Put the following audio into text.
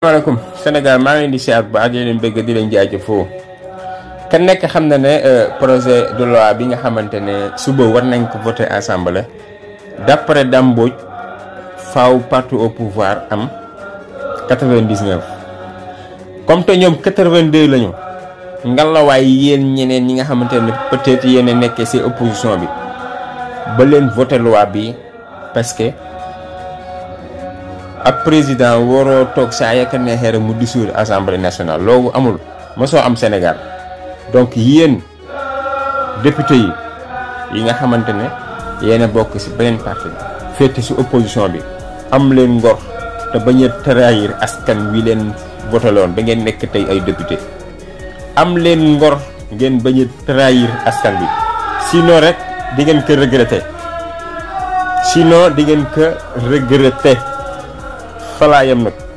maaleykum Sénégal maa ngi leen di siyaar bu baax di leen bëgg di leen jaajëfoo kan nekk xam na ne euh, projet de loi bi nga xamante ne suba war nañ ko voter assemblée d'après Dame Mbodj faaw parti au pouvoir am 99 comme te ñoom 82 la ñu ngalawaay yéen ñeneen ñi nga xamante ne peut-être nekkee ci opposition bi ba leen voter bi parce que. ak président waroo toog saa yaka hera mu asam assemblée nationale logo amul so am Sénégal donc yeen député yi yi nga xamantene ne bok ci benen parti féete ci opposition bi am len ngor te bañ trahir askan wi len votalon ba ngeen nek tay ay député am len ngor ngeen bañ trahir askan bi sino rek di ngeen ke regretter sino di ngeen ke regretter fa laa yem nag